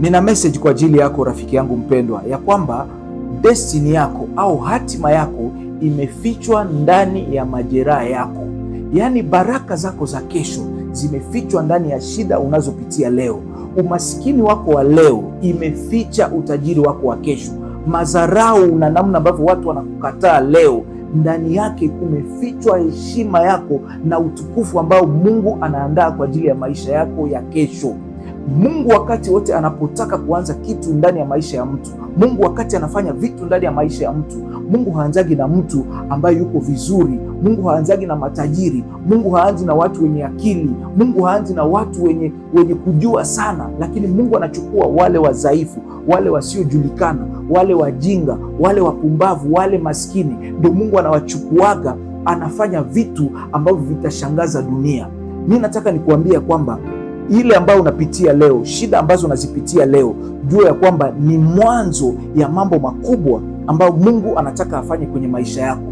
Nina message kwa ajili yako rafiki yangu mpendwa, ya kwamba destiny yako au hatima yako imefichwa ndani ya majeraha yako. Yaani baraka zako za kesho zimefichwa ndani ya shida unazopitia leo. Umasikini wako wa leo imeficha utajiri wako wa kesho. Madharau na namna ambavyo watu wanakukataa leo, ndani yake kumefichwa heshima yako na utukufu ambao Mungu anaandaa kwa ajili ya maisha yako ya kesho. Mungu wakati wote anapotaka kuanza kitu ndani ya maisha ya mtu, Mungu wakati anafanya vitu ndani ya maisha ya mtu, Mungu haanzagi na mtu ambaye yuko vizuri. Mungu haanzagi na matajiri. Mungu haanzi na watu wenye akili. Mungu haanzi na watu wenye, wenye kujua sana, lakini Mungu anachukua wale wadhaifu, wale wasiojulikana, wale wajinga, wale wapumbavu, wale maskini, ndio Mungu anawachukuaga, anafanya vitu ambavyo vitashangaza dunia. Mi nataka nikuambia kwamba ile ambayo unapitia leo, shida ambazo unazipitia leo, jua ya kwamba ni mwanzo ya mambo makubwa ambayo Mungu anataka afanye kwenye maisha yako.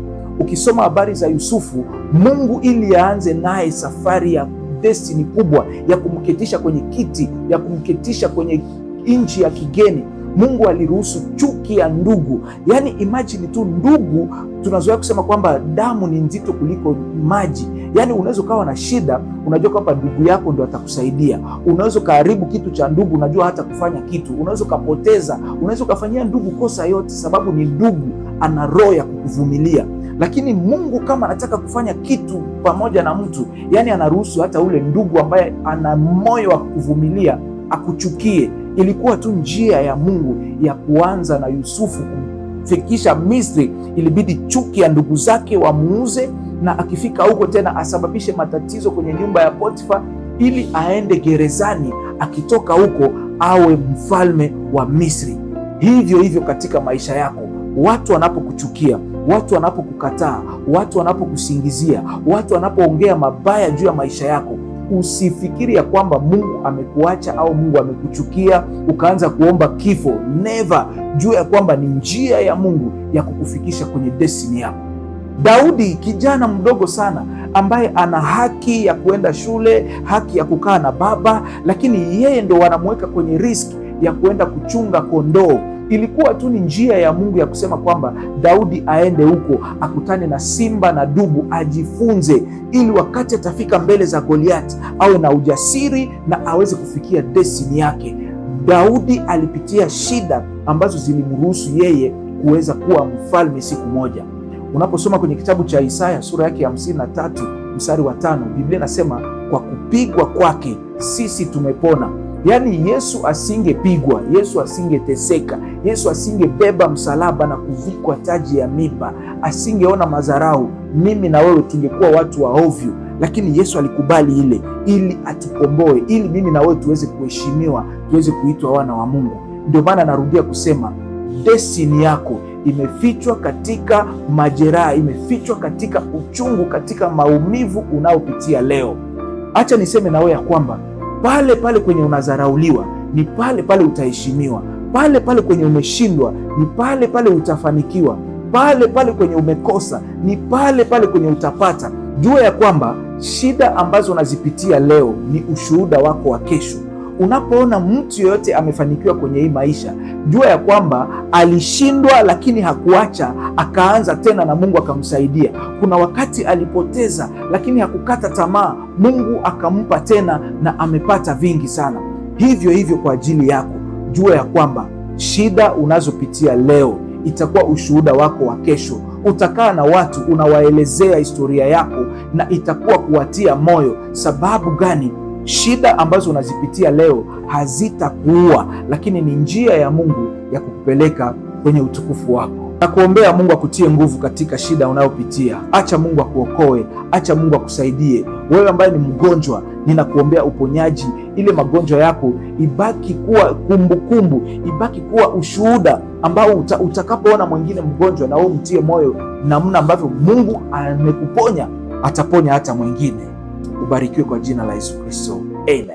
Ukisoma habari za Yusufu, Mungu ili aanze naye safari ya destini kubwa ya kumketisha kwenye kiti, ya kumketisha kwenye nchi ya kigeni, Mungu aliruhusu chuki ya ndugu. Yaani imajini tu, ndugu tunazoea kusema kwamba damu ni nzito kuliko maji yani unaweza ukawa na shida, unajua kwamba ndugu yako ndo atakusaidia. Unaweza ukaharibu kitu cha ndugu, unajua hata kufanya kitu, unaweza ukapoteza, unaweza ukafanyia ndugu kosa yote, sababu ni ndugu, ana roho ya kukuvumilia. Lakini Mungu kama anataka kufanya kitu pamoja na mtu, yani anaruhusu hata ule ndugu ambaye ana moyo wa kukuvumilia akuchukie. Ilikuwa tu njia ya Mungu ya kuanza na Yusufu kumfikisha Misri, ilibidi chuki ya ndugu zake wamuuze na akifika huko tena asababishe matatizo kwenye nyumba ya Potifa, ili aende gerezani, akitoka huko awe mfalme wa Misri. Hivyo hivyo katika maisha yako, watu wanapokuchukia, watu wanapokukataa, watu wanapokusingizia, watu wanapoongea mabaya juu ya maisha yako Usifikiri ya kwamba Mungu amekuacha au Mungu amekuchukia ukaanza kuomba kifo. Never. Jua ya kwamba ni njia ya Mungu ya kukufikisha kwenye destiny yako. Daudi kijana mdogo sana ambaye ana haki ya kuenda shule, haki ya kukaa na baba, lakini yeye ndo wanamweka kwenye riski ya kuenda kuchunga kondoo. Ilikuwa tu ni njia ya Mungu ya kusema kwamba Daudi aende huko akutane na simba na dubu, ajifunze, ili wakati atafika mbele za Goliati awe na ujasiri na aweze kufikia destiny yake. Daudi alipitia shida ambazo zilimruhusu yeye kuweza kuwa mfalme siku moja. Unaposoma kwenye kitabu cha Isaya sura yake ya 53 mstari wa tano Biblia inasema kwa kupigwa kwake sisi tumepona. Yaani Yesu asingepigwa, Yesu asingeteseka, Yesu asingebeba msalaba na kuvikwa taji ya miba, asingeona madharau, mimi na wewe tungekuwa watu wa ovyo, lakini Yesu alikubali ile ili atukomboe, ili mimi na wewe tuweze kuheshimiwa, tuweze kuitwa wana wa Mungu. Ndio maana narudia kusema desini yako imefichwa katika majeraha, imefichwa katika uchungu, katika maumivu unaopitia leo. Acha niseme nawe ya kwamba pale pale kwenye unadharauliwa ni pale pale utaheshimiwa, pale pale kwenye umeshindwa ni pale pale utafanikiwa, pale pale kwenye umekosa ni pale pale kwenye utapata. Jua ya kwamba shida ambazo unazipitia leo ni ushuhuda wako wa kesho unapoona mtu yoyote amefanikiwa kwenye hii maisha, jua ya kwamba alishindwa, lakini hakuacha, akaanza tena na Mungu akamsaidia. Kuna wakati alipoteza, lakini hakukata tamaa, Mungu akampa tena na amepata vingi sana. Hivyo hivyo kwa ajili yako, jua ya kwamba shida unazopitia leo itakuwa ushuhuda wako wa kesho. Utakaa na watu unawaelezea historia yako, na itakuwa kuwatia moyo. Sababu gani? Shida ambazo unazipitia leo hazitakuua, lakini ni njia ya Mungu ya kukupeleka kwenye utukufu wako. Nakuombea Mungu akutie nguvu katika shida unayopitia. Acha Mungu akuokoe, acha Mungu akusaidie. Wewe ambaye ni mgonjwa, ninakuombea uponyaji, ile magonjwa yako ibaki kuwa kumbukumbu kumbu, ibaki kuwa ushuhuda ambao uta, utakapoona mwingine mgonjwa na wewe mtie moyo namna ambavyo Mungu amekuponya, ataponya hata mwingine. Ubarikiwe kwa jina la Yesu Kristo. Amen.